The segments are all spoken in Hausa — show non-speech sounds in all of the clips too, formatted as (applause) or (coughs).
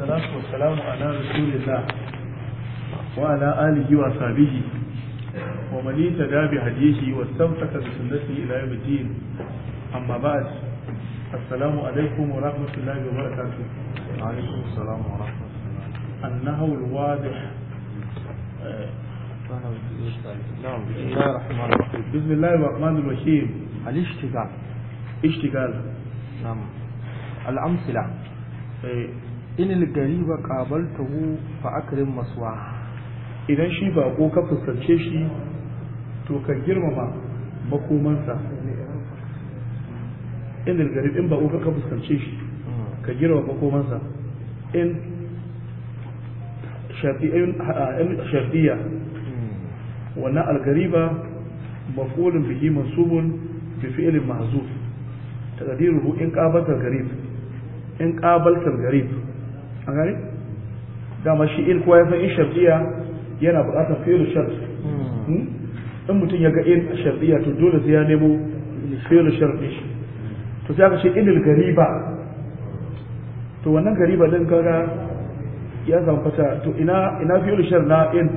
والصلاة والسلام على رسول الله وعلى آله وصحبه ومن يتدى بحديثه واستمسك بسنته إلى يوم الدين أما بعد السلام عليكم ورحمة الله وبركاته وعليكم السلام ورحمة الله النهو الواضح بسم الله الرحمن الرحيم بسم الله الرحمن الرحيم الاشتغال اشتغال نعم الأمثلة إيه. inil gariba qabaltahu fa akrim maswa idan shi ba ko ka fuskance shi to ka girmama makomansa inil garib in ko ka fuskance shi ka girmama makomansa in shardiya, ah, wannan algariba mafulun bihi mansubun bi fi'lin mahzuf taqdiruhu in qabalta al-garib in qabalta al-garib a da dama shi il kuwa ya san in shar'iyya yana buƙatar fi'il shart hmm. Hmm? in mutum ya ga in shar'iyya to dole sai ya nemo fi'il shart shi to sai aka ce gari gariba to wannan gariba din kaga ya zama fata to ina ina fi'il shart na in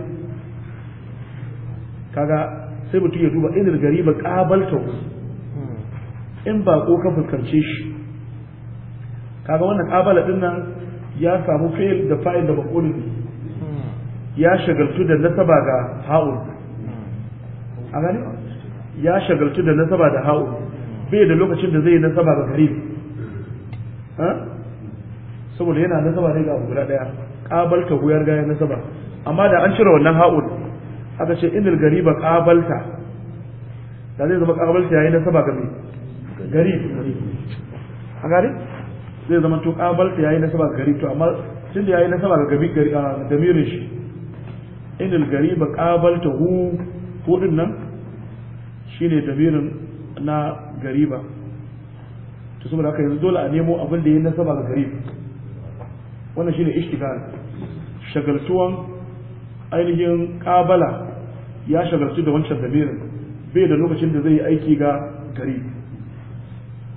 kaga sai mutum ya duba ilil gariba qabalta hmm. in ba ko ka fuskanci shi kaga wannan ƙabala din nan ya samu fa'il da fa'il da maqulun ya shagaltu da nasaba ga ha'ul a gani ya shagaltu da nasaba da ha'ul bai da lokacin da zai yi nasaba ga gari saboda yana nasaba ne ga abu guda daya kabalta huyar gaya nasaba amma da an cire wannan ha'ul aka ce inil ba kabalta da zai zama ya yayi nasaba ga me gari a gari zai zama to kabalta yayi nasaba gari to amma tun da yayi nasaba ga gabi gari a damirin shi inil gariba kabalta hu din nan shine damirin na gariba to saboda haka yanzu dole a nemo abin da yayi nasaba ga gari wannan shine ishtigal shagaltuwan ainihin kabala ya shagaltu da wancan damirin bai da lokacin da zai yi aiki ga gari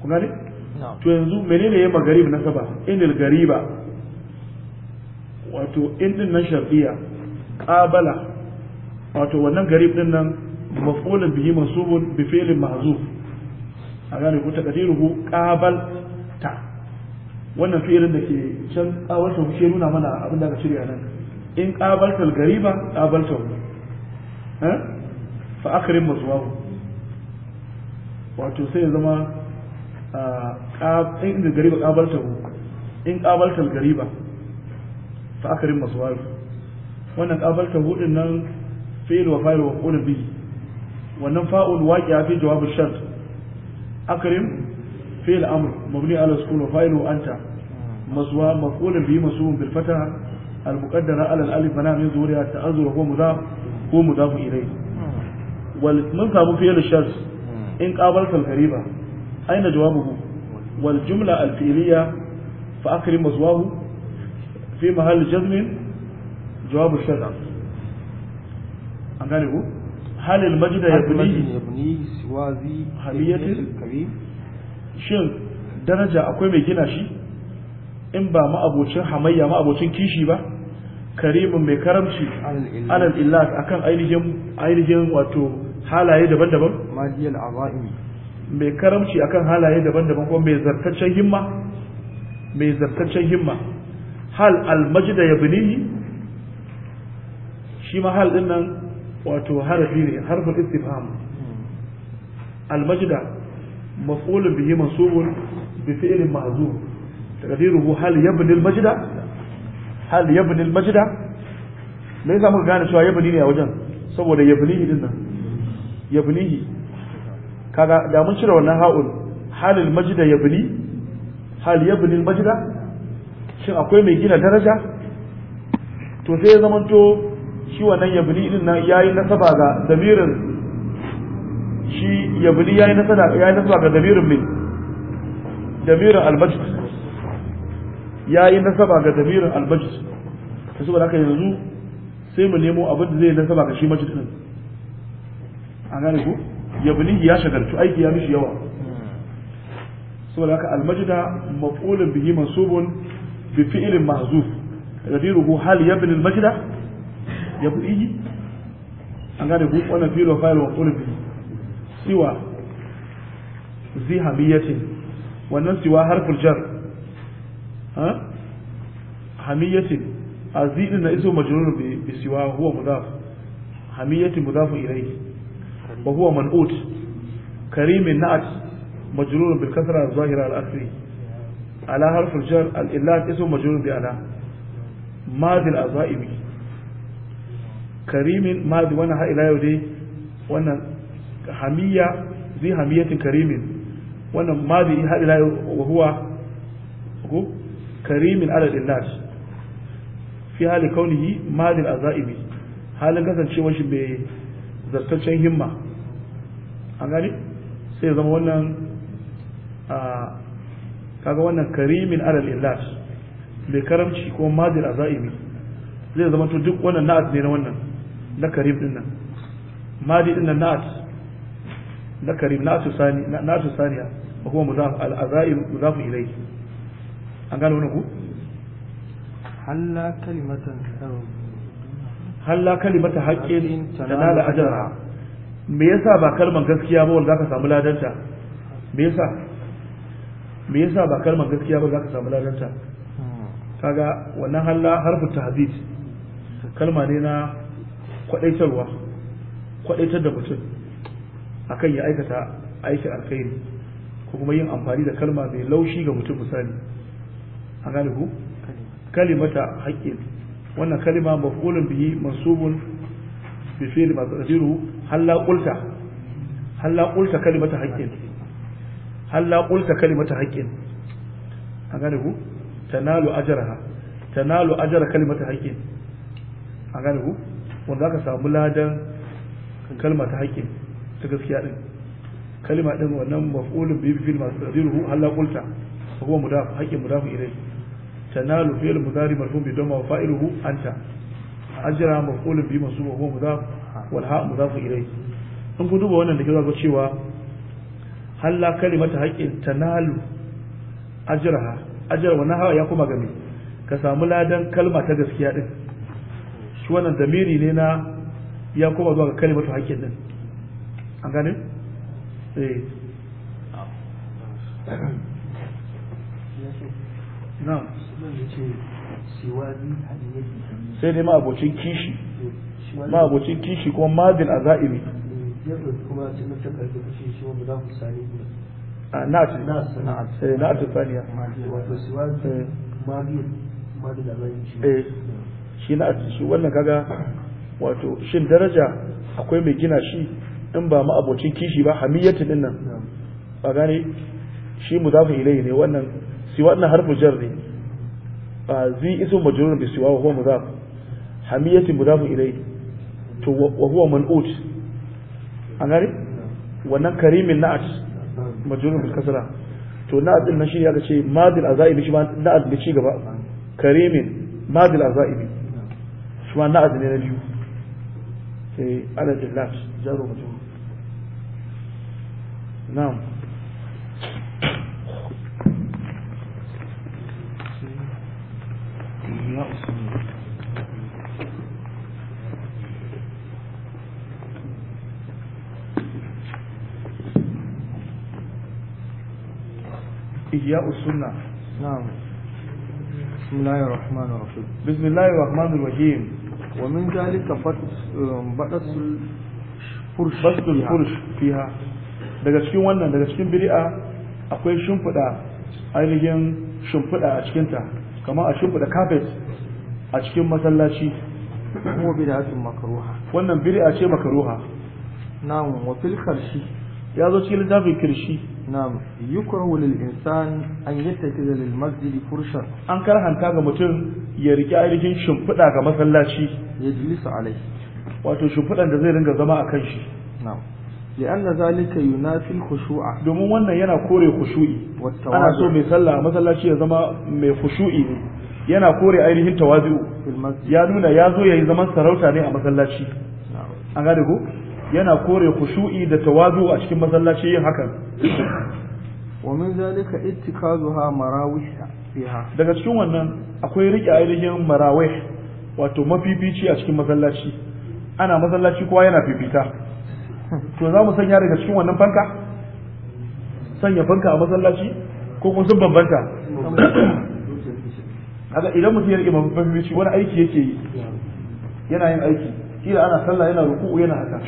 ku gane to yanzu menene ya magarib nasaba inil gariba wato in din nan shar'iyya qabala wato wannan garib din nan maf'ulun bihi masubun bi fi'lin mahzuf a gane ku taqdiruhu qabal ta wannan fi'ilin da ke can kawarsa ke nuna mana abin da aka cire a nan in qabaltal gariba qabalta ha eh? fa akrim mazwahu wato sai ya zama ah, in da gariba kabalta hu in kabalta gariba fa akarin wannan kabalta hu nan wa fa'il wa qul bi wannan fa'ul waqi'a fi jawab shart akarin fi'il amr mabni ala sukun wa fa'il wa anta مسوى مفعول به مسوم بالفتح المقدرة على الألف بناء من ظهورها التأذر هو مضاف هو مضاف إليه والمنصب فعل الشرط إن قابلت القريبة أين جوابه wal jumla al fa akrim mazwahu fi mahall jazm jawab shadda an gane ku shin daraja akwai mai gina shi in ba ma'abocin hamayya ma'abocin kishi ba karimin mai karamci alal illat akan ainihin wato halaye daban-daban mai karamci akan halaye daban-daban ko mai zartaccen himma mai zartaccen himma hal almajda yabnihi shi ma hal din nan wato harafi ne harfin istifham almajda maf'ulun bihi mansubun bi fi'lin ma'zum taqdiruhu hal yabni almajda hal yabni almajda me yasa muka gane cewa yabni ne a wajen saboda yabnihi din nan yabnihi kaga da mun cire wannan ha'ul halil majida yabni hal yabni al majida shin akwai mai gina daraja to sai ya zamanto shi wannan yabni din nan yayi nasaba ga damirin shi yabni yayi nasaba yayi nasaba ga damirin min damirin al majd yayi nasaba ga damirin al majd to saboda haka yanzu sai mu nemo abin da zai nasaba ga shi majd din an gane ku ya buli ya shagartu aiki ya mishi yawa saboda haka almajda maf'ulun bihi mansubun bi fi'lin mahzuf taqdiruhu hal yabni almajda yabni an gane ku wannan fi'l wa fa'il wa qul bihi siwa zi hamiyatin wannan siwa harful jar ha hamiyatin azidin na iso majrur bi siwa huwa mudaf hamiyatin mudaf ilayhi wa huwa man'ut karimin na'at majrurun bil kasra ala harf jar al illat ismu majrurun bi ala madi al azaibi madi wannan ha ila wannan hamiya zai hamiyatin madi ha ila yau wa ko karimin ala fi hali halin kasancewar shi mai himma an gani sai ya zama wannan kaga wannan karimin alal illas mai karamci ko madil azaimi zai zama to duk wannan na'at ne na wannan na karim din nan madi din nan na'at na karim na'atu sani na'atu saniya ko kuma mudaf al azaim mudaf ilayhi an gano wannan ku halla kalimatan halla kalimata haqqin tanala ajra me yasa ba kalman gaskiya ba wanda zaka samu ladanta me yasa me yasa ba kalman gaskiya ba zaka samu ladanta kaga wannan halla harfu tahdid kalma ne na kwadaitarwa kwadaitar da mutum akan ya aikata aikin alkhairi ko kuma yin amfani da kalma mai laushi ga mutum misali a gane ku kalimata haƙƙin wannan kalima maf'ulun bihi mansubun bi fi'li ma halla qulta halla qulta kalimata haqqin halla qulta kalimata haqqin an gane ku tanalu ajraha tanalu ajra kalimata haqqin an gane ku wanda aka samu ladan kalma ta ta gaskiya din kalma din wannan maf'ulun bi fil masdiruhu halla تنال فعل مضارع مرفوع بدم وفاعله أنت أجرى مفعول به منصوب وهو wal ha mudafu ilayhi in ku duba wannan da ke ga cewa halla kalimata haqqin tanalu ajraha ajra wa nahawa ya kuma gami ka samu ladan kalma ta gaskiya din shi wannan damiri ne na ya kuma zuwa ga kalimatu haqqin din an gane eh na'am sai dai ma abocin kishi ma kishi kuma mazin a za'iri na na ce saniya eh, eh, shi wannan kaga wato shin daraja akwai mai gina shi in ba ma abocin kishi ba hamiyatin din nan ba gane shi zafi ilai ne wannan siwa wannan harfu jar ne zai iso majalurin bi siwa wa huwa mudaf hamiyatin zafi ilai to wa huwa man'ut an gari wannan karimin na'at majrur bil kasra to na'at din shi ya ce madil azaibi shi ma na'at bi ci gaba karimin madil azaibi shi ma na'at ne na biyu sai ala din la'at jaru majrur na'am نقص ihya'us usunna. na'am بسم الله الرحمن الرحيم بسم الله الرحمن الرحيم ومن ذلك بطس الفرش بطس الفرش فيها daga cikin wannan daga cikin bid'a akwai shimfiɗa ainihin shimfiɗa a cikinta kamar a shimfiɗa carpet a cikin masallaci kuma bid'atun makruha wannan bid'a ce makruha na'am wa fil karshi ya zo cikin littafin kirshi na'am yukrahu lil insan an yattakhidha lil masjid furshan an karhanta ga mutum ya riƙe ainihin shimfiɗa ga masallaci ya jilisa alai wato shimfiɗan da zai ringa zama a kan shi na'am لأن ذلك ينافي الخشوع domin wannan yana kore khushu'i ana so mai sallah masallaci ya zama mai khushu'i ne yana kore ainihin tawazu ya nuna ya zo yayi zaman sarauta ne a masallaci an gane ko yana kore khushu'i da tawazu a cikin masallaci yin hakan wa min zalika ittikazuha marawih fiha daga cikin wannan akwai rike ainihin marawih wato mafifici a cikin masallaci ana masallaci kowa yana fifita to za mu sanya daga cikin wannan fanka sanya fanka a masallaci ko kuma sun bambanta haka idan mutum ya rike mafifici wani aiki yake yi yana yin aiki kila ana sallah yana ruku'u yana haka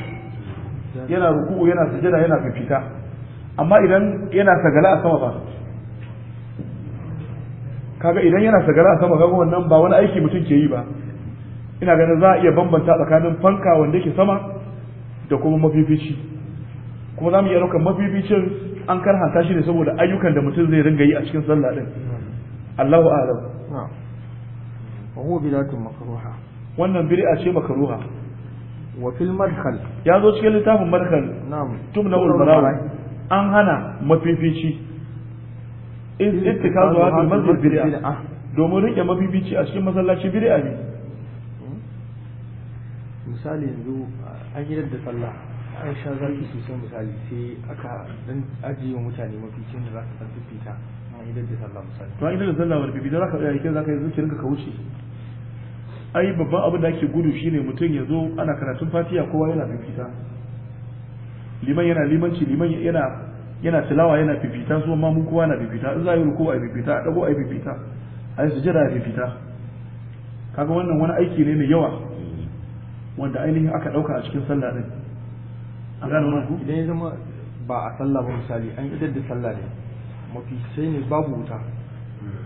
yana ruku'u yana sujada yana fifita amma idan yana sagala a sama ba kaga idan yana sagala a sama kaga wannan ba wani aiki mutum ke yi ba ina ganin za a iya bambanta tsakanin fanka wanda yake sama da kuma mafifici kuma za mu iya ɗaukar mafificin an karhanta shi ne saboda ayyukan da mutum zai ringa yi a cikin sallah din Allahu a'lam wa huwa bid'atun makruha wannan bid'a ce makruha wa ya zo cikin littafin madkhal na'am tumna wal an hana mafifici in ittikazu hadal masjid bid'a domin rike mafifici a cikin masallaci bid'a ne hmm? misali yanzu an yi da sallah an sha zaki san misali sai aka dan ajiye mutane mafificin da za ka san fita an yi da sallah misali to an da sallah wani za ka za ka yi zuciyarka ka wuce ai babban abin da ake gudu shine mutum ya zo ana karatun Fatiya kowa yana fifita liman yana limanci liman yana yana tilawa yana fifita su ma mu kowa na fifita in za a yi ruku a fifita a dago a fifita a yi sujada a fifita kaga wannan wani aiki ne mai yawa wanda ainihin aka dauka a cikin sallah din an gano wannan ku idan ya zama ba a sallah ba misali an idar da sallah ne mafi sai ne babu wuta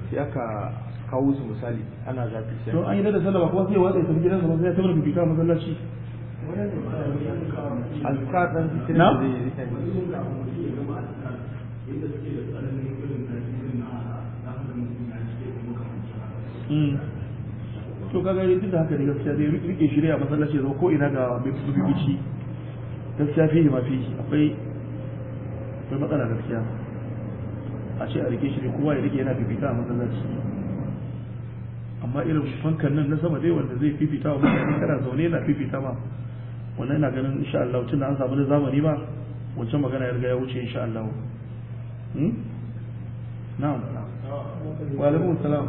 sai aka kawo su misali ana zafi sai to an yi da sallah kuma sai watsa sai gidansa sai ya tabbata bibita masallaci da zai yi hmm. to kaga yin duk da haka ne gaskiya zai rike shirya masallaci zo ko ina ga bibici gaskiya akwai akwai matsala gaskiya a ce a rike kowa ya rike yana bibita a masallaci amma irin fankan nan na sama dai wanda zai fifita wa mutane kana zaune na fifita ma wannan ina ganin insha Allah tun da an samu da zamani ba wancan magana ya riga ya wuce insha Allah hmm? na'am wa alaikum salam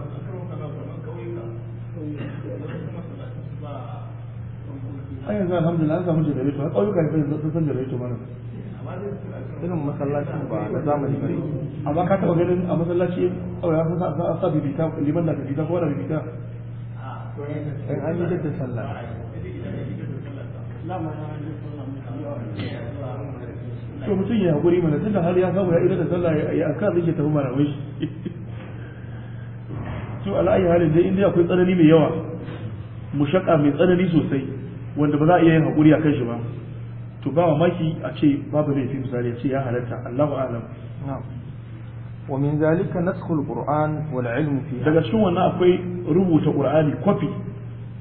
ai yanzu alhamdulillah an samu jirage to ƙauyuka yanzu sun san jarabe to mana irin masallacin ba na zamani ba amma ka taɓa ganin a masallaci kawai oh, ya kusa a sa bibita liman na bibita ko na bibita dan eh, an yi da sallah to mutum ya haƙuri mana tun da har ya samu ya idan da sallah ya aka zai ke tafi mana wai (laughs) to ala'ayi halin dai inda akwai tsanani mai yawa mushaƙa mai tsanani sosai wanda ba za a iya yin haƙuri a kan shi ba to ba mamaki a ce babu laifi misali ce ya halatta Allahu alam wa min zalika naskhul qur'an wal ilm fi daga cikin wannan akwai rubuta qur'ani kwafi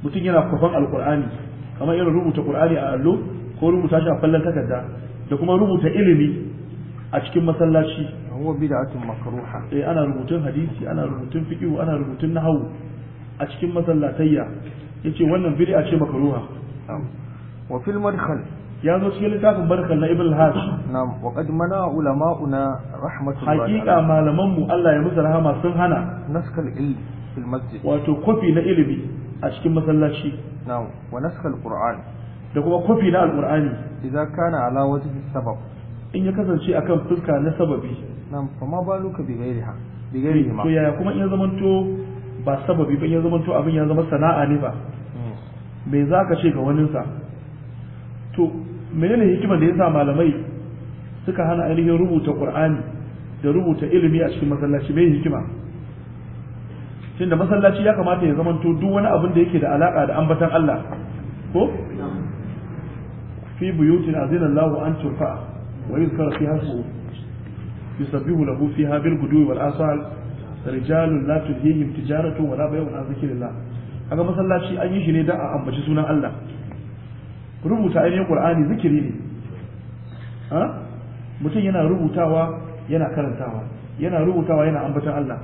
mutum yana kwafan alqur'ani kamar irin rubuta qur'ani a allo ko rubuta shi a fallan takarda da kuma rubuta ilimi a cikin masallaci huwa bid'atun makruha eh ana rubutun hadisi ana rubutun fiqh ana rubutun nahwu a cikin masallatayya yace wannan ce wa ya zo cikin littafin barka na ibn hash na'am wa mana ulama'una rahmatullahi hakika malaman mu Allah ya musu rahama sun hana naskal ilmi fil masjid wato kofi na ilimi a cikin masallaci na'am wa naskal qur'an da kuma kofi na alqur'ani idan kana ala wajhi sabab in ya kasance akan fuska na sababi na'am fa yaya kuma in ya zamanto ba sababi ba ya zamanto abin ya zama sana'a ne ba hmm. me za ka ce ga waninsa to menene hikimar da yasa malamai suka hana ainihin rubuta qur'ani da rubuta ilimi a cikin masallaci mai hikima tunda masallaci ya kamata ya zamanto duk wani abin da yake da alaka da ambatan Allah ko fi buyutin azina Allah an turfa wa yuzkar fiha ismu yusabbihu lahu fiha bil gudwi wal asal rijalun la tulhihim tijaratu wa la bay'un an zikrillah kaga masallaci an yi shi ne da a ambaci sunan Allah rubuta ainihin qur'ani zikiri ne mutum yana rubutawa yana karantawa yana rubutawa yana ambatan Allah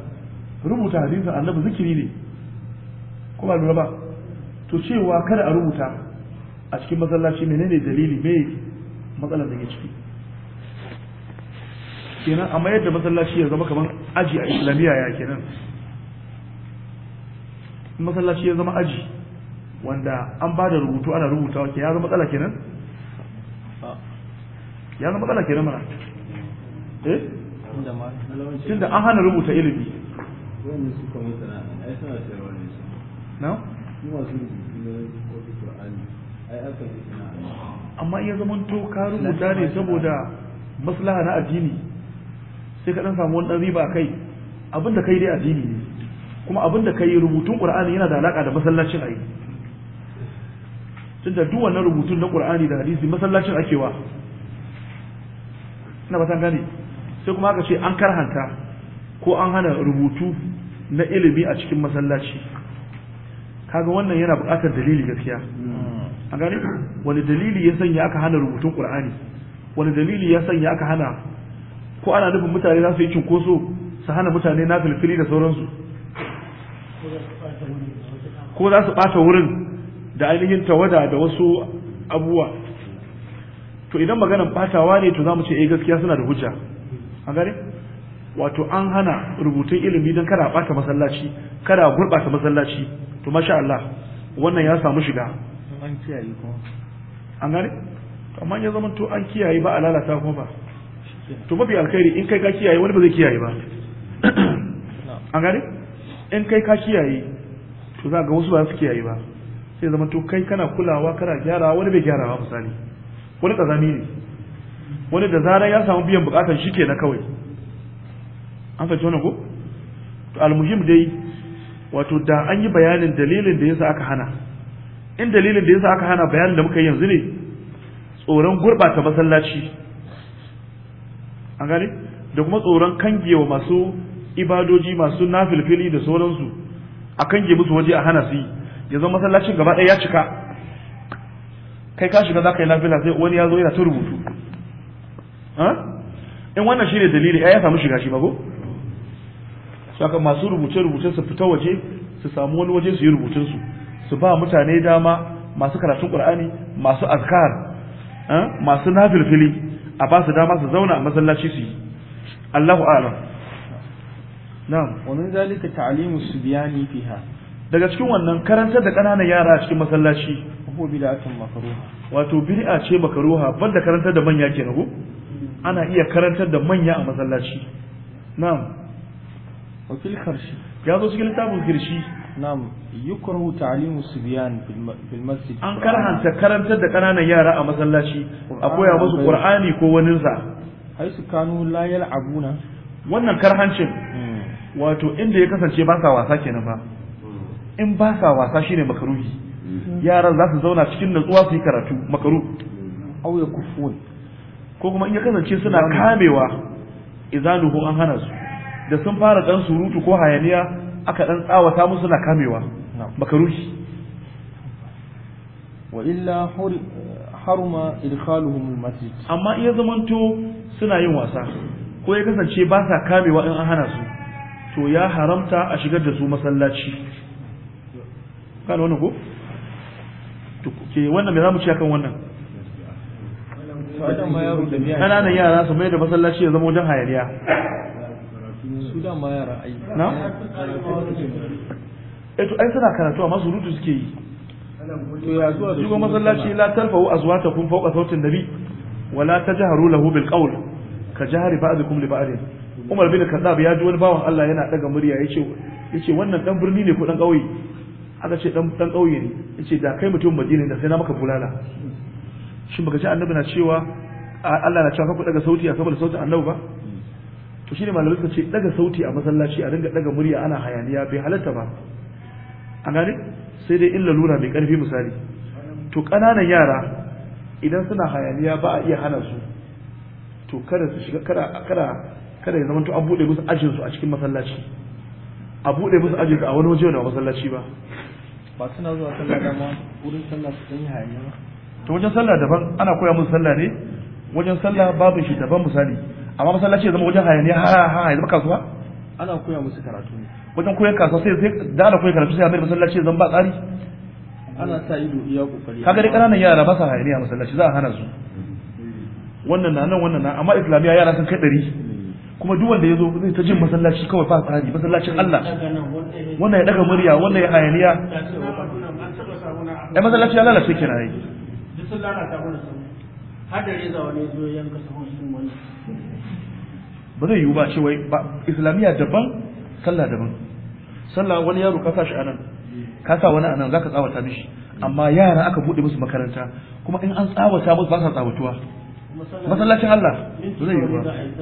rubuta hadisin annabi zikiri ne kuma lura ba to cewa kada a rubuta a cikin masallaci menene dalili me matsalar da ke ciki kenan amma yadda masallaci ya zama kamar aji a islamiyya ya kenan masallaci ya zama aji wanda an ba da rubutu ana rubutawa ke ya zama kala kenan ya zama kala kenan mana eh tunda an hana rubuta ilimi amma iya zaman to ka rubuta ne saboda maslaha na addini sai ka dan samu wani dan riba kai abinda kai dai addini ne kuma abinda kai rubutun qur'ani yana da alaka da masallacin ayi tunda duk wannan rubutun na Qur'ani da hadisi masallacin akewa ina ba ta gane sai kuma aka ce an karhanta ko an hana rubutu na ilimi a cikin masallaci kaga wannan yana buƙatar dalili gaskiya a gane wani dalili ya sanya aka hana rubutun Qur'ani wani dalili ya sanya aka hana ko ana nufin mutane za su yi cinkoso su hana mutane na filfili da sauransu ko za su ɓata wurin da ainihin tawada da wasu abubuwa to idan maganan batawa ne to za mu ce eh gaskiya suna da hujja a gare wato an hana rubutun ilimi don kada bata masallaci kada gurɓata masallaci to masha Allah wannan ya samu shiga an kiyaye kuma an gane amma ya zama to an kiyaye ba a lalata kuma ba to mafi alkhairi in kai ka kiyaye wani ba zai kiyaye ba (coughs) an gane in kai ka kiyaye to za ga wasu ba su kiyaye ba sai zama to kai kana kulawa kana gyarawa wani bai gyarawa misali wani kazami ne wani da zarar ya samu biyan bukatar shi ke na kawai an fahimci wani ko to almuhim dai wato da an yi bayanin dalilin da yasa aka hana in dalilin da yasa aka hana bayanin da muka yi yanzu ne tsoron gurɓata masallaci an gane da kuma tsoron kangewa masu ibadoji masu nafilfili da sauransu a kange musu waje a hana su yi ya zama masallacin gaba ɗaya ya cika kai ka shiga za ka yi lafiya sai wani ya zo yana ta rubutu in wannan shi ne dalili ya samu shiga shi ba ko saka masu rubuce-rubuce su fita waje su samu wani waje su yi rubutun su Su ba mutane dama masu karatun ƙur'ani masu azkar masu nafilfili a ba su dama su zauna a masallaci su yi Allahu a'lam na'am wa min zalika ta'limu subyani fiha daga cikin wannan karantar da ƙananan yara a cikin masallaci ko bid'atun makruha wato bid'a ce makruha banda karantar da manya ke nago ana iya karantar da manya a masallaci na'am wa fil kharshi ya zo cikin littafin kirshi na'am yukrahu ta'limu sibyan fil masjid an karhanta karantar da ƙananan yara a masallaci a koya musu qur'ani ko waninsa haisu kanu la yal'abuna wannan karhancin hmm. wato inda ya kasance ba sa wasa kenan ba. in ba sa wasa shine makaruhi mm. yaran za su zauna cikin natsuwa su yi karatu makaru auya ya ko kuma in ya kasance suna kamewa izanuhu an hana su da sun fara dan surutu ko hayaniya aka dan tsawata musu suna kamewa makaruhi wa illa haruma idkhaluhum almasjid amma iya zamanto suna yin wasa ko ya kasance ba sa kamewa in an hana su to ya haramta a shigar da su masallaci kan wannan ko ke wannan me zamu ci akan wannan kananan yara su mai da masallaci ya zama wajen hayaniya su da ma yara ai na eh to ai suna karatu amma surutu suke yi to ya zuwa shi kuma masallaci la tarfa'u azwatakum fawqa sautin nabi wala tajharu lahu bil qawl ka jahari ba'dukum li ba'd Umar bin Khattab ya ji wani bawan Allah yana daga murya yace yace wannan dan birni ne ko dan kauye aka ce dan dan kauye ne yace da kai mutum madina da sai na maka bulala shin baka ce annabi na cewa Allah na cewa ka daga sauti a saboda sautin annabi ba to shine malamai suka ce daga sauti a masallaci a dinga daga murya ana hayaniya bai halatta ba a gane sai dai illa lura mai karfi misali to kananan yara idan suna hayaniya ba a iya hana su to kada su shiga kada kada kada ya zamanto an bude musu ajin su a cikin masallaci a bude musu ajin a wani waje da masallaci ba ba suna zuwa sallah dama wurin sallah su yi hayaniya ba to wajen sallah daban ana koya musu sallah ne wajen sallah babu shi daban misali amma masallaci ya zama wajen hayaniya ha ha ya zama kasuwa ana koya musu karatu ne wajen koyar kasuwa sai sai da ana koyar karatu sai a mai masallaci ya zama ba tsari ana sa ido iya kokari kaga dai kananan yara ba sa hayaniya masallaci za a hana su wannan na nan wannan na amma islamiyya yara sun kai ɗari kuma duk wanda ya zo zai ta jin masallaci kawai ba tsari masallacin Allah wannan ya daga murya wannan ya hayaniya ai masallaci ya lalace kenan ai duk sun lalata mana har da wani zo yanka sahun sun wani ba zai yiwu ba ce wai ba islamiyya daban sallah daban sallah wani yaro ka sa shi anan ka sa wani anan zaka tsawata mishi amma yara aka bude musu makaranta kuma in an tsawata musu ba sa tsawatuwa masallacin Allah zai yiwu ba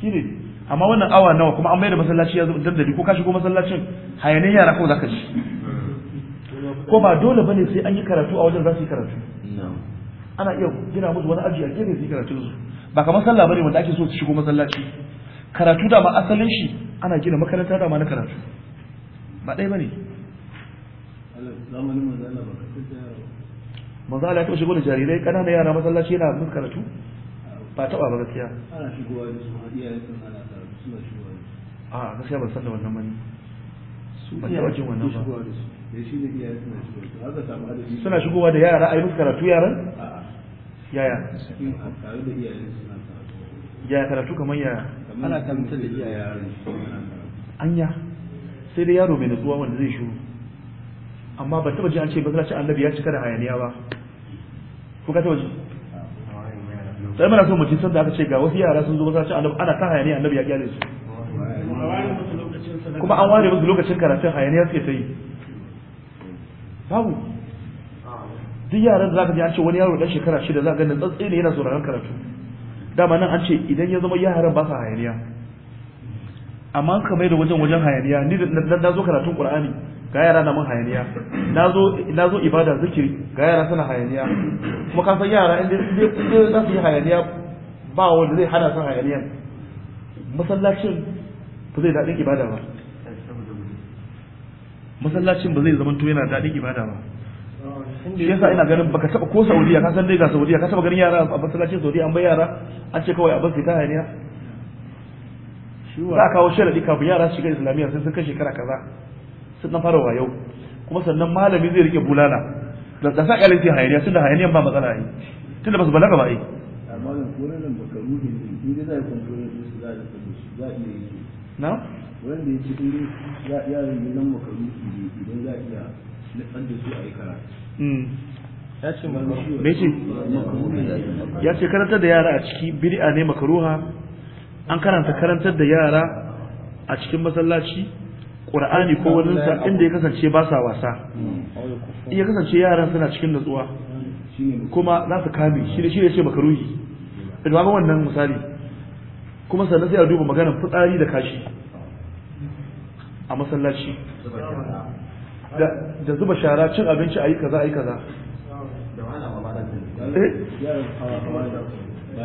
shine amma wannan awa nawa kuma an mai da masallaci ya zama dandali ko ka shigo masallacin hayanin yara ko zaka ji ko ba dole bane sai an yi karatu a wajen za su yi karatu ana iya gina musu wani aji a gefe su yi karatu su ba kamar sallah bane wanda ake so su shigo masallaci karatu da ma asalin shi ana gina makaranta da ma na karatu ba ɗaya bane zamanin manzo Allah ba ya taɓa shigo da jarirai ƙananan yara masallaci yana musu karatu ba taɓa ba gaskiya ana shigowa da su iyayen ana tare suna shigowa da su a gaskiya ban san da wannan bane su ban taɓa jin wannan ba suna shigowa da yara a yi musu karatu yaran yaya yaya karatu kamar yaya ana karanta da iyayen anya sai dai yaro mai nutsuwa wanda zai shiru amma ba taɓa ji an ce ba za a ci annabi ya cika da hayaniya ba ko ka taɓa ji sai muna so mu ji sanda aka ce ga wasu yara sun zo masallacin annabi ana ta hayaniya annabi ya gyale su kuma an ware musu lokacin karatun hayaniya suke ta yi babu duk yaran za ka ji an ce wani yaro dan shekara shida za ka ganin tsatsi ne yana sauraron karatu dama nan an ce idan ya zama yaran ba sa hayaniya amma kamar da wajen wajen hayaniya ni da na zo karatun qur'ani ga yara na mun hayaniya na zo ibada zikiri ga yara suna hayaniya kuma ka san yara inda za su yi hayaniya ba wanda zai hana su hayaniya masallacin ba zai daɗin ibada ba masallacin ba zai zama to yana daɗin ibada ba shi yasa ina ganin baka taba ko Saudiya ka san dai ga Saudiya ka taba ganin yara a masallacin Saudiya an bai yara an ce kawai a bar su ta hayaniya za a kawo sharadi kafin yara su shiga islamiyya sai sun kai shekara kaza sun dan fara wayo kuma sannan malami zai rike bulala da sa kyalin sai hayaniya da hayaniyan ba matsala ne tunda ba su balaga ba ai amma da koran nan baka ruhi ne in dai zai kontrol su zai ta su za iya yi na wanda yake in ya ya yin nan baka ruhi ne idan za ka iya nufan da su a yi karatu hmm. ya ce karantar da yara a ciki bid'a ne makaruha an karanta karantar da yara a cikin masallaci qur'ani ko wani sa inda ya kasance ba sa wasa ya kasance yaran suna cikin natsuwa kuma za su kame shi ne shi ne ce makaruhi da ga wannan misali kuma sannan sai a duba maganar fitsari da kashi a masallaci da zuba shara cin abinci a yi kaza a yi kaza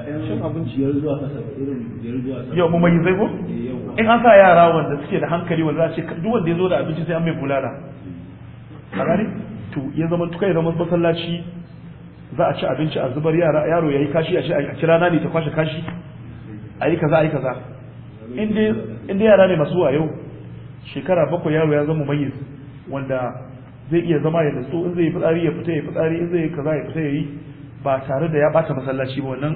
cin abinci ya zuwa kasa irin zuwa sama yau mai zai ko eh, in an sa yara wanda suke da hankali wanda za ce duk wanda ya zo da abinci sai an mai bulala mm. a gani to ya zama tukai ya zama masallaci za a ci abinci a zubar yara yaro ya yi kashi a ci rana ne ta kwashe kashi a yi kaza a yi kaza in dai yara ne masu wayo shekara bakwai yaro ya zama mai wanda zai iya zama ya nutsu in zai yi fitsari ya fita ya yi fitsari in zai yi kaza ya fita ya yi ba tare da ya bata masallaci ba wannan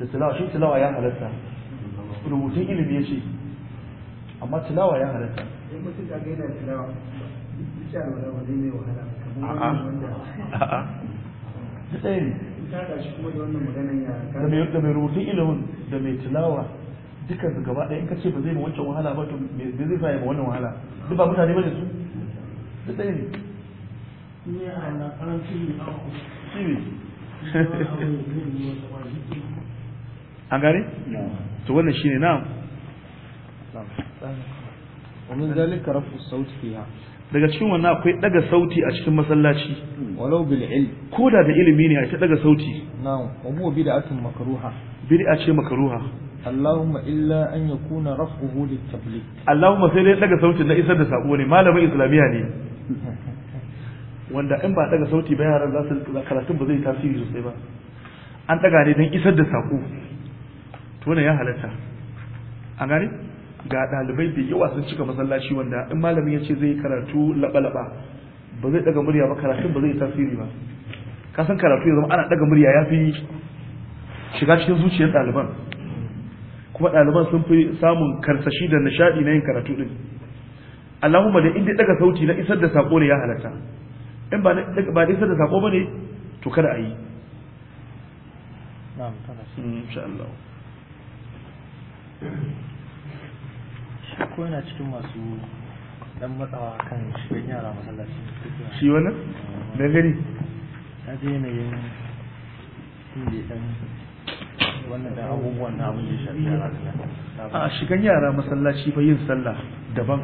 da tilawa shi tilawa ya halatta rubutun ilimi ya ce amma tilawa ya halatta da mai rubutun ilimin da mai tilawa dukkan su gaba ɗaya in ka ce ba zai ma wancan wahala ba to me zai sa ma wannan wahala duk ba mutane ba da su duk ɗaya ne ne a an gane to wannan shine na'am ومن ذلك رفع الصوت فيها daga cikin wannan akwai daga sauti a cikin masallaci walau bil ilm ko da da ilimi ne a ta daga sauti na'am wa huwa bid'atun makruha bid'a ce makruha Allahumma illa an yakuna raf'uhu lit tabligh Allahumma sai dai daga sautin na isar da sako ne malamin islamiya ne (laughs) wanda in ba daga sauti ba yaran za su karatun ba zai tasiri sosai ba an daga ne don isar da sako to ne ya halatta a gane ga ɗalibai da yawa sun cika masallaci wanda in malamin ya ce zai karatu laɓa-laɓa ba zai ɗaga murya ba karatun ba zai tasiri ba ka san karatu ya zama ana ɗaga murya ya fi shiga cikin zuciyar ɗaliban kuma ɗaliban sun fi samun karsashi da nishaɗi na yin karatu ɗin allahumma da inda ɗaga sauti na isar da saƙo ne ya halatta in ba ba isar da saƙo ba ne to kada a yi. Na'am, ko yana cikin masu dan matsawa kan shigan yara masallaci shi wannan na gani ta je yanayin inda dan wannan da abubuwan da abin da ya shafi yara a shigan yara masallaci fa yin sallah daban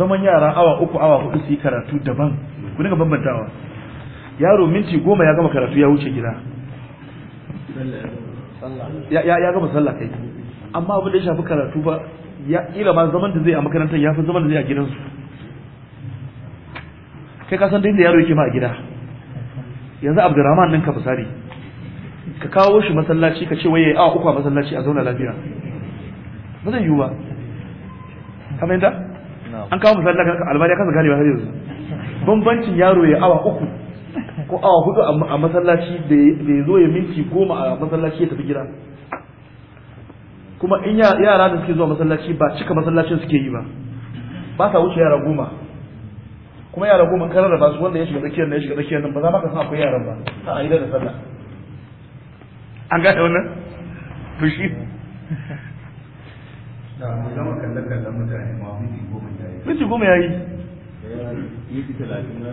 zaman yara awa uku awa hudu su yi karatu daban ku dinga bambantawa yaro minti goma ya gama karatu ya wuce gida ya gama sallah kai amma abin da ya shafi karatu ba ya kila ma zaman da zai a makarantar ya fi zaman da zai a gidansu kai ka san inda yaro yake ma a gida yanzu abdurrahman ka misali ka kawo shi masallaci ka ce waye a uku a masallaci a zauna lafiya ba zai yiwu ba ka fahimta an kawo misali daga albani kasa gane ba har yanzu bambancin yaro ya awa uku ko awa hudu a masallaci da ya zo ya minti goma a masallaci ya tafi gida kuma in yara da suke zuwa masallaci ba cika masallacin suke yi ba ba sa wuce yara goma kuma yara goma kan rarraba su wanda ya shiga tsakiyar nan ya shiga tsakiyar nan ba za ma ka san akwai yaran ba a idan da sallah an gane wannan to shi da mu zama mutane ma goma yayi miji goma yi na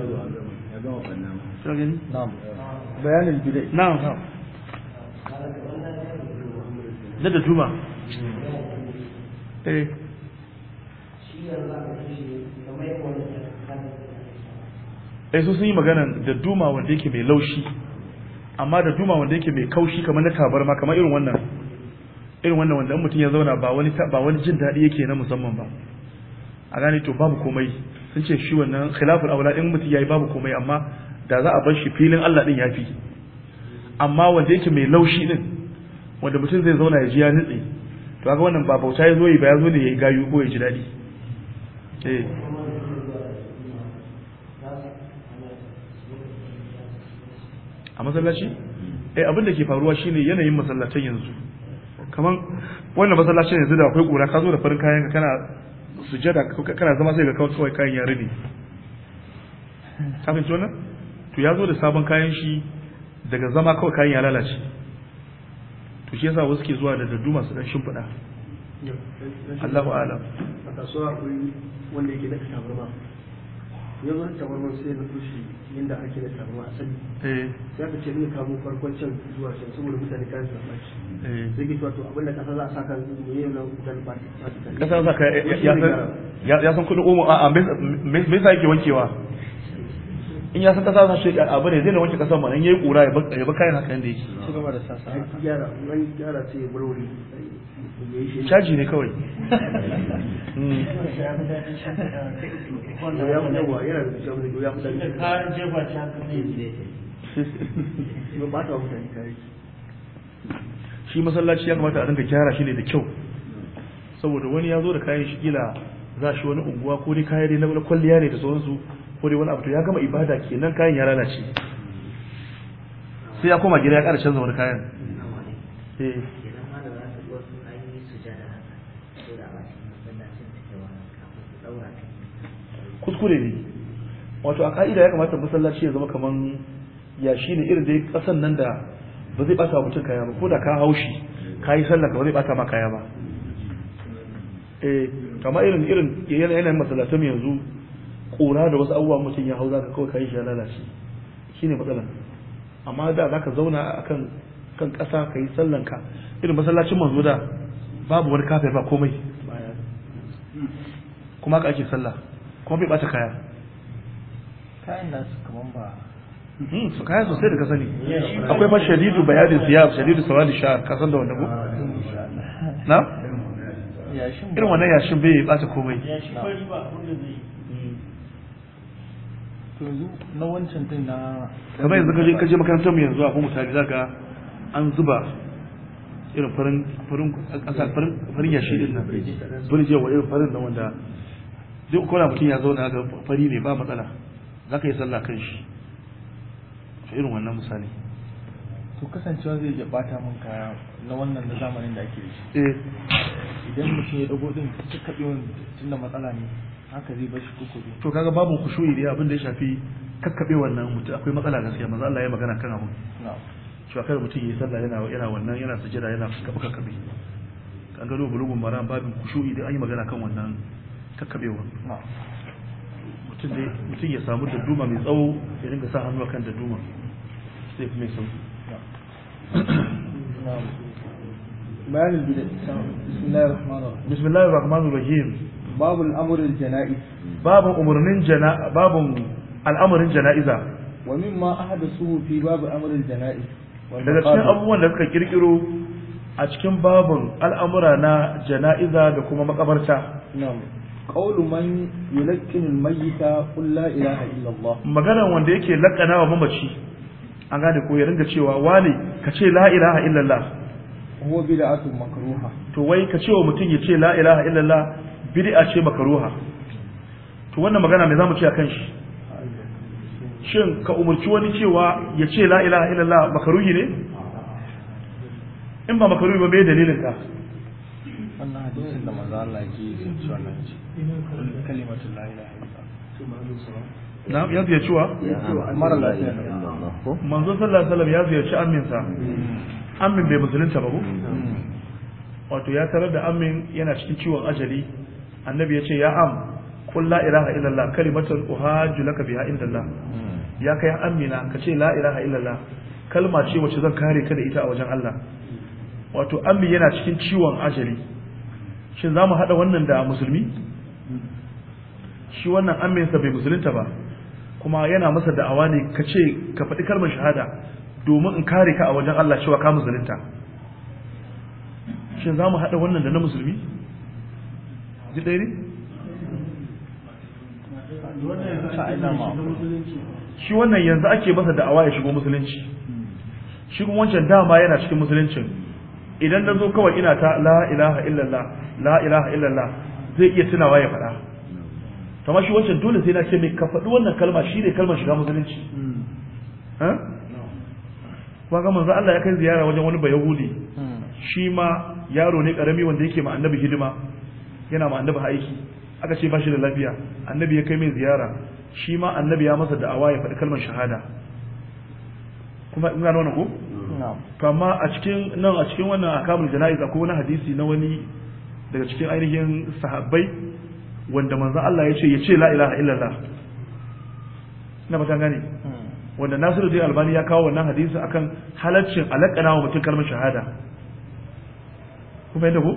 ya gama bayanin bidai Na da da eh eh sun yi maganan da duma wanda yake mai laushi amma da duma wanda yake mai kaushi kamar na tabarma kamar irin wannan irin wannan wanda mutum ya zauna ba wani ba wani jin daɗi yake na musamman ba a gane to babu komai sun ce shi wannan khilafin aula in mutum yayi babu komai amma da za a bar shi filin Allah din yafi amma wanda yake mai laushi din wanda mutum zai zauna ya ji ya nutse. to ga wannan ba bauta ya zo yi ba ya zo ne ya yi gayu ko ya ji daɗi eh. a masallaci eh abin da ke faruwa shine yanayin masallacin yanzu kamar wannan masallacin yanzu da akwai kura ka zo da farin kayan ka kana sujada kana zama sai ga kawai kayan yare ne kafin tona to ya zo da sabon kayan shi daga zama kawai kayan ya lalace to shi yasa wasu ke zuwa da dadduma su dan shimfiɗa Allahu alam a kasuwa akwai wanda yake da tabarma ya zo tabarma sai na shi inda ake da tabarma eh sai aka ce ni kamo farkon can zuwa can saboda mutane kan su eh sai ke to abinda kasa za a saka mu yi na gudan ba kasa za ka ya san kudin umu a me sai ke wankewa in ya san kasa na shi abu ne zai na wanke kasar ma nan yayi kura ya bar ya bar kayan hakan da yake shi gaba da sasa gyara wani gyara ce ya burwuri caji ne kawai shi masallaci ya kamata a dinga gyara shi ne da kyau saboda wani ya zo da kayan shi za shi wani unguwa ko ni kayan na kwalliya ne da sauransu ko dai wani abu to ya gama ibada kenan kayan ya lalace sai ya koma gida ya ƙara canza wani kayan eh. kuskure ne wato a ka'ida ya kamata masallaci ya zama kaman ya shi ne irin dai kasan nan da ba zai ɓata mutum kaya ba ko da ka haushi ka yi sallar ka ba zai ɓata ma kaya ba eh kama irin irin yanayin masallatan yanzu ƙura da wasu abubuwan mutum ya hau za ka kawai kayan shi ya lalace shi ne matsalar amma da za ka zauna a kan ƙasa ka yi sallanka irin masallacin manzo da babu wani kafin ba komai kuma ka ake sallah kuma bai bata kaya kayan da su kaman ba hmm, su kaya sosai da ka sani akwai ba shadidu bayanin siyar shadidu sawali sha'ar ka san da wanda ku na irin wannan yashin bai bata komai to yanzu na wancan din na kamar yanzu kaje kaje makarantar mu yanzu akwai misali zaka an zuba irin farin farin asal farin farin yashi din nan burje wa irin farin nan wanda duk kola mutum ya zauna ga fari ne ba matsala zaka yi sallah kan shi irin wannan misali to kasancewa zai ya bata mun kaya na wannan na zamanin da ake da shi eh. idan mutum ya dago din ta kabe wannan tunda matsala ne haka zai bashi kukuri to kaga babu kushuyi da abin da ya shafi kakkabe wannan mutum akwai matsala gaskiya manzo Allah ya magana kan abu to akai mutum ya sallah yana yana wannan yana sujada yana kakkabe kakkabe kan gano bulugun maran babin kushuyi da an yi magana kan wannan kakkabewa mutum dai mutum ya samu da duma mai tsawo ya dinga sa hannu kan da duma sai kuma ya sauki بسم الله الرحمن الرحيم babul amrul jana'iz babun umurnin jana babun al'amarin jana'iza wa mimma ahdathu fi babu amrul jana'iz daga cikin abubuwan da suka kirkiro a cikin babun al'amura na jana'iza da kuma makabarta na'am qawlu man yulakkinu al-mayyita qul la ilaha illa Allah magana wanda yake lakana wa mamaci an gane ko ya ringa cewa wani ka ce la ilaha illa Allah huwa bid'atun makruha to wai ka ce wa mutum ya ce la ilaha illa Allah bid'a ce makaruha to wannan magana me zamu ce kan shi shin ka umurci wani cewa ya ce la ilaha illallah makaruhi ne in ba makaruhi ba me dalilin ka wannan hadisin da manzo Allah yake cewa nan ce kalimatu la ilaha illallah na ya ziyarci wa mara lafiya manzo sallallahu alaihi wasallam ya ziyarci amminsa amin bai musulunta ba ko mm. wato ya tarar da amin yana cikin ciwon ajali annabi ya ce ya am kun la ilaha illallah kalimatun uhaju laka biha indallah hmm. ya kai amina ka ce la ilaha illallah kalma ce wacce zan kare ka da ita a wajen Allah wato ammi yana cikin ciwon ajali shin za mu haɗa wannan da musulmi shi wannan amminsa bai musulunta ba kuma yana masa da'awa ne ka ce ka faɗi kalmar shahada domin in kare ka a wajen Allah cewa ka musulunta shin za mu haɗa wannan da na musulmi ji ne shi wannan yanzu ake masa da awa ya shigo musulunci shi kuma wancan dama yana cikin musuluncin idan na zo kawai ina ta la ilaha illallah la ilaha illallah zai iya tunawa ya faɗa kamar shi wancan dole sai na ce mai ka faɗi wannan kalma shi ne kalmar shiga musulunci ba hmm. eh? ga manzo Allah ya kai ziyara wajen wani bayahudi hmm. shi ma yaro ne karami wanda yake ma annabi hidima yana ma annabi aiki aka ce bashi da lafiya annabi ya kai min ziyara shi ma annabi ya masa da'awa ya faɗi kalmar shahada kuma ina nuna ku? ko to amma a cikin nan a cikin wannan akamul jana'iz akwai wani hadisi na wani daga cikin ainihin sahabbai wanda manzo Allah ya ce ya ce la ilaha illallah ina ba gane hmm. wanda Nasiru Albani ya kawo wannan hadisi akan halaccin alakana wa mutum kalmar shahada kuma yadda ku?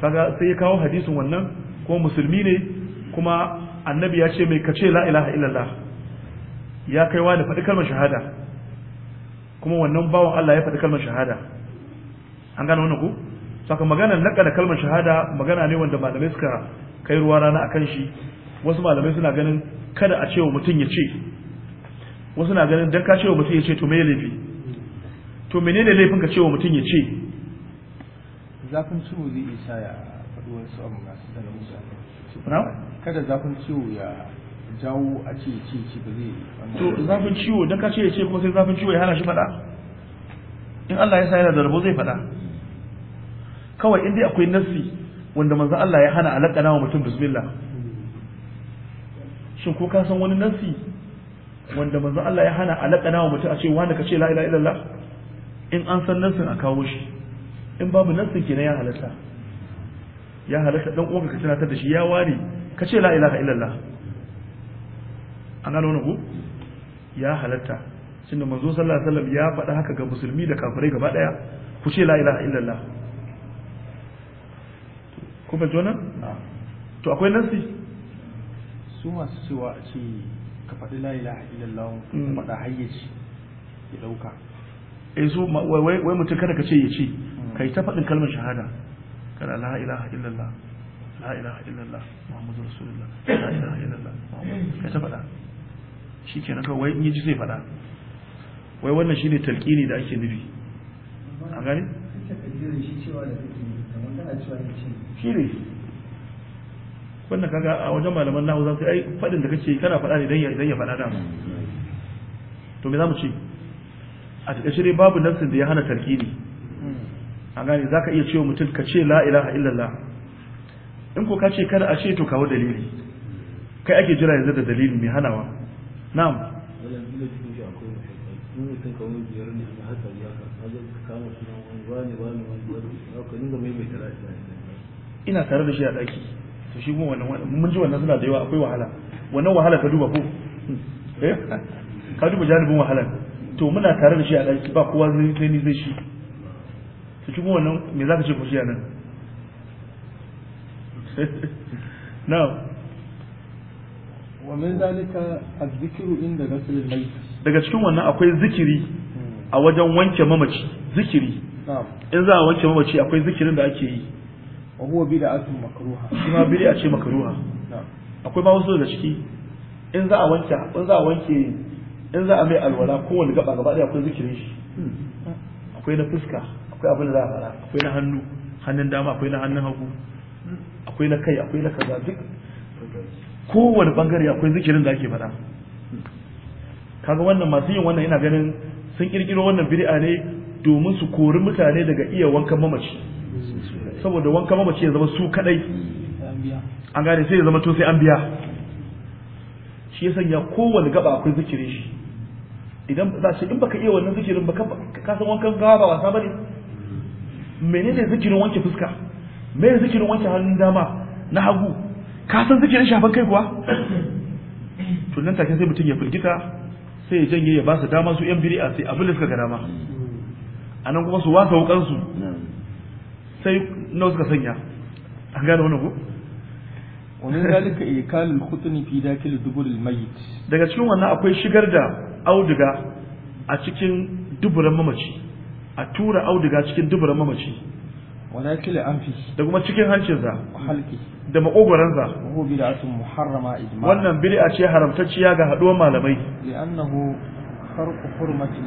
kaga sai ya kawo hadisin wannan ko musulmi ne kuma annabi ya ce mai kace la ilaha illallah ya kaiwa da faɗi kalmar shahada kuma wannan bawan Allah ya faɗi kalmar shahada an gane wannan ku saka magana naka da kalmar shahada magana ne wanda malamai suka kai ruwa rana akan shi wasu malamai suna ganin kada a ce wa mutum ya ce wasu na ganin dan ka ce wa mutum ya ce to me laifi to menene laifin ka ce wa mutum ya ce zafin ciwo zai iya sa ya faɗi wasu abu masu tsanin musa kada zafin ciwo ya jawo a ce ce ce ba zai to zafin ciwo dan ka ce ya ce kuma sai zafin ciwo ya hana shi faɗa in Allah ya sa yana da rabo zai faɗa kawai in dai akwai nasi wanda manzon Allah ya hana alakana wa mutum bismillah shin ko ka san wani nasi wanda manzon Allah ya hana alakana wa mutum a ce wanda ka ce la in an san nasin a kawo shi in babu nassin kenan ya halatta ya halatta dan uwanka ka tunatar da shi ya ware ka ce la ilaha illallah an gano wani ku ya halatta shin da manzo sallallahu alaihi wasallam ya faɗa haka ga musulmi da kafirai gaba daya ku ce la ilaha illallah ku ba jona to akwai nassi su masu cewa a ce ka faɗi la ilaha illallah ka mm. faɗa hayyaci ya ɗauka eh su wai mutum kada ka ce ya ce kai ta faɗin kalmar shahada kana la ilaha illallah la ilaha illallah muhammadu rasulullah la ilaha illallah kai ta faɗa shi kenan kawai in yi ji zai faɗa wai wannan shine talqini da ake nufi a gani shi ne wannan kaga a wajen malaman nahu za su ai faɗin da kake kana faɗa ne dan ya faɗa dama to me za mu ce a cikin babu nafsin da ya hana talqini a gane za ka iya wa mutum ka ce la ilaha illallah in ko ka ce kada a ce to kawo dalili kai ake jira yanzu da dalili mai hanawa na'am ina tare da shi a ɗaki to shi kuma wannan mun ji wannan suna da yawa akwai wahala wannan wahala ka duba ko eh ka duba janibin wahala to muna tare da shi a ɗaki ba kowa zai ni zai shi su cikin wannan me za ka ce ku nan na ومن ذلك الذكر inda gasar mai daga cikin wannan akwai zikiri a wajen wanke mamaci zikiri in za a wanke mamaci akwai zikirin da ake yi wa huwa bid'atun makruha kuma a ce makaruha akwai ba wasu daga ciki in za a wanke in za a wanke in za a mai alwala kowane gaba gaba akwai zikirin shi hmm. akwai na fuska akwai abin da za a fara akwai na hannu hannun dama akwai na hannun hagu akwai na kai akwai na kaza duk kowane bangare akwai zikirin da ake faɗa kaga wannan masu yin wannan ina ganin sun kirkiro wannan bid'a ne domin su kori mutane daga iya wankan mamaci saboda wankan mamaci ya zama su kadai an gane sai ya zama to sai an biya shi ya sanya kowane gaba akwai zikirin shi idan za shi in baka iya wannan zikirin ba ka san wankan gawa ba wasa bane menene zikirin wanke fuska menene zikirin wanke hannun dama na hagu ka san zikirin shafan kai kuwa to nan take sai mutum ya firgita sai ya janye ya ba su dama su yan biri'a sai abin da suka ga dama a nan kuma su wasa wukansu sai nawa suka sanya an gane wannan ko ومن ذلك khutni fi dakil dubur al mayit daga cikin wannan akwai shigar da auduga a cikin duburan mamaci a tura auduga cikin duburan mamaci wala kila anfi da kuma cikin za halki da makogoransa hu bid'atun muharrama ijma wannan bid'a ce haramtacciya ga haduwa malamai annahu kharqu hurmati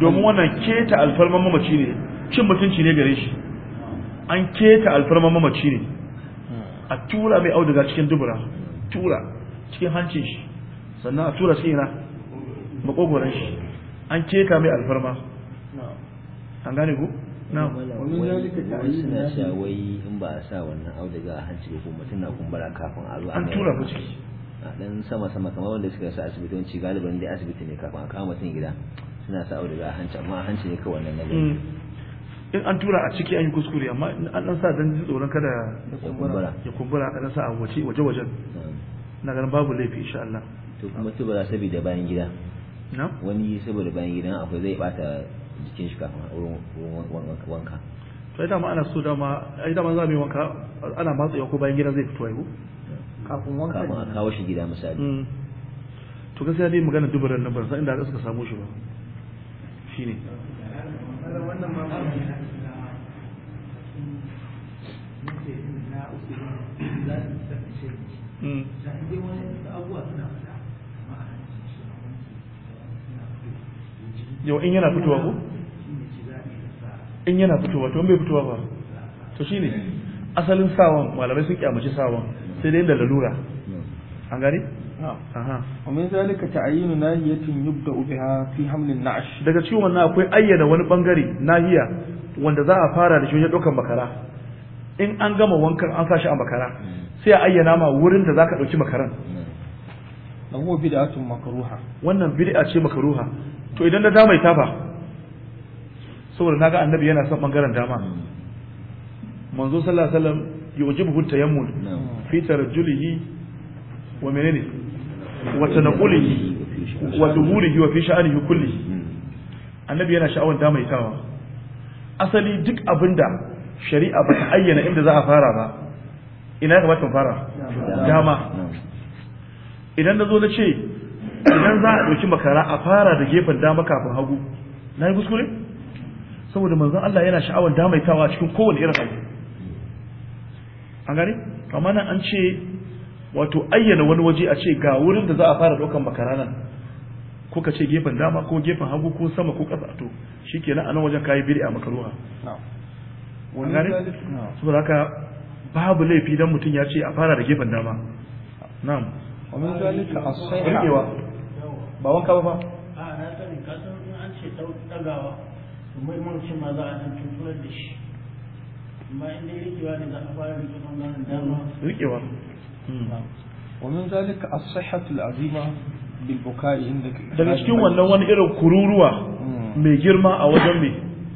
domin wannan keta alfarman mamaci ne cin mutunci ne gare shi an keta alfarman mamaci ne a tura mai auduga cikin dubura tura cikin hancin shi sannan a tura cikin na makogoran shi an keta mai alfarma an gane ku na wani zalika ta yi suna sha wai in ba a sa wannan auduga a hanci ko mutum na kumbura kafin a zo an tura ku ciki a dan sama sama kamar wanda suka sa wanci galibin dai asibiti ne kafin a kawo mutun gida suna sa auduga a hanci amma a hanci ne kawai wannan nazari hmm. in an tura a ciki an yi kuskure amma an dan sa dan ji tsoron kada ya kumbura a dan sa a waje waje wajen na ganin babu laifi insha Allah to kuma tubara saboda bayan gida na wani saboda bayan gidan akwai zai bata jikin shi kafin wanka to idan ma ana so dama idan ma za mu yi wanka ana matsa yau ko bayan gidan zai fito yau kafin wanka kafin a kawo shi gida misali mm. to gaskiya dai magana dubaran nan ban san inda suka samu shi ba shine Mm. yau in yana fitowa ko in yana fitowa to bai fitowa ba to shine asalin sawan malamai sun kyamaci sawan sai dai da lalura an gari aha wa min zalika ta'yinu nahiyatin yubda biha fi hamlin na'sh daga cikin wannan akwai ayyana wani bangare nahiya wanda za a fara da shi wajen daukan makara in an gama wankan an sashi a makara sai a ayyana ma wurin da zaka dauki makaran dan huwa bid'atun makruha wannan bid'a ce makruha to idan da dama ita fa saboda naga annabi yana son bangaren dama hmm. manzo sallallahu alaihi wasallam yujibu tayammul hmm. fi tarjulihi wa menene wa tanqulihi wa dubulihi wa fi sha'anihi kulli. Hmm. annabi yana sha'awan dama itawa asali duk abinda shari'a ba ta ayyana inda za a fara ba ina ya kamata mu fara dama idan na zo na ce idan za a ɗauki makara a fara da gefen dama kafin hagu na yi kuskure saboda manzon Allah yana sha'awar damaitawa cikin kowane irin abu an gani amma nan an ce wato ayyana wani waje a ce ga wurin da za a fara ɗaukan makara nan ko ka ce gefen dama ko gefen hagu ko sama ko ƙasa to shikenan a nan wajen kayi bid'a makaruha an gane saboda haka babu laifi dan mutum ya ce a fara da gefen dama na'am ومن ذلك الصيحة ba wanka ba a na sani ka san in an ce dagawa mai ma za a dan da shi amma in dai rikewa ne za a fara rike bangaren dama rikewa ومن ذلك الصحة العظيمة عندك cikin wannan wani irin kururuwa hmm. mai girma a wajen mai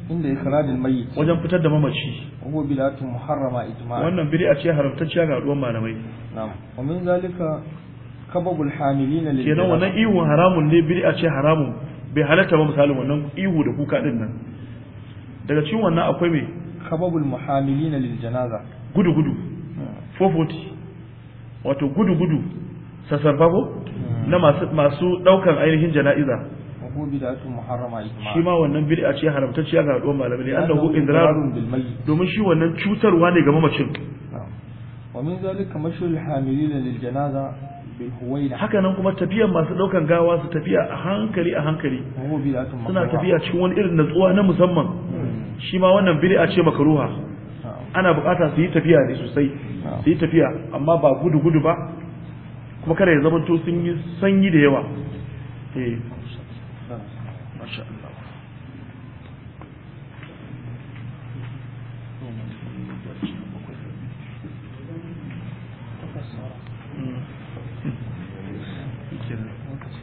inda mayyit wajen fitar da mamaci wa bid'atu muharrama ijma' wannan bid'a ce haramtacciya ga ruwan malamai na'am wa min kababul hamilina lil kenan wannan ihu haramun ne bid'a ce haramun bai halatta ba misalin wannan ihu da kuka din nan daga cikin wannan akwai me kababul muhamilina lil janaza gudu gudu 440 wato gudu gudu sassarfa ko hmm. na masu masu daukan ainihin jana'iza ko bid'atu muharrama ijma shi ma wannan bid'a ce haramtacciya ga al'umma malamai ko indirarun bil mayyit domin shi wannan cutarwa ne ga mamacin wa min zalika mashul hamilina lil janaza haka nan kuma tafiyan masu daukan gawa su tafiya a hankali a hankali suna tafiya cikin wani irin natsuwa na musamman hmm. shi ma wannan bid'a ce makaruha ana bukata su yi tafiya ne sosai su yi tafiya amma ba gudu gudu ba kuma kada ya zama to sun yi sanyi da yawa eh.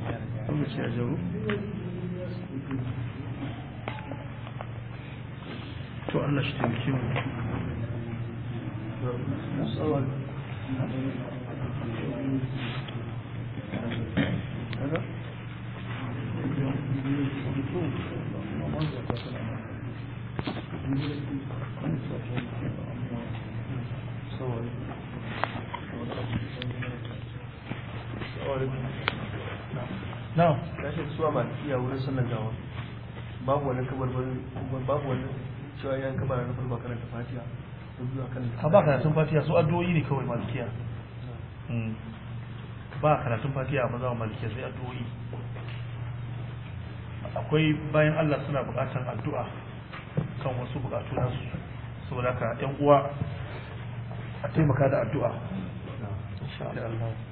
to Allah shi taimake mu Thank you. na rashin suwa ba iya wurin sallar gawa babu wani kabar babu wani cewa yan kabar na farko karanta fatiha ko ka ba karatun fatiya su addu'o'i ne kawai malikiya hmm. ba karatun fatiya ba za mu sai addu'o'i akwai bayan Allah suna buƙatar addu'a kan wasu buƙatu nasu saboda ka yan uwa a taimaka da addu'a insha Allah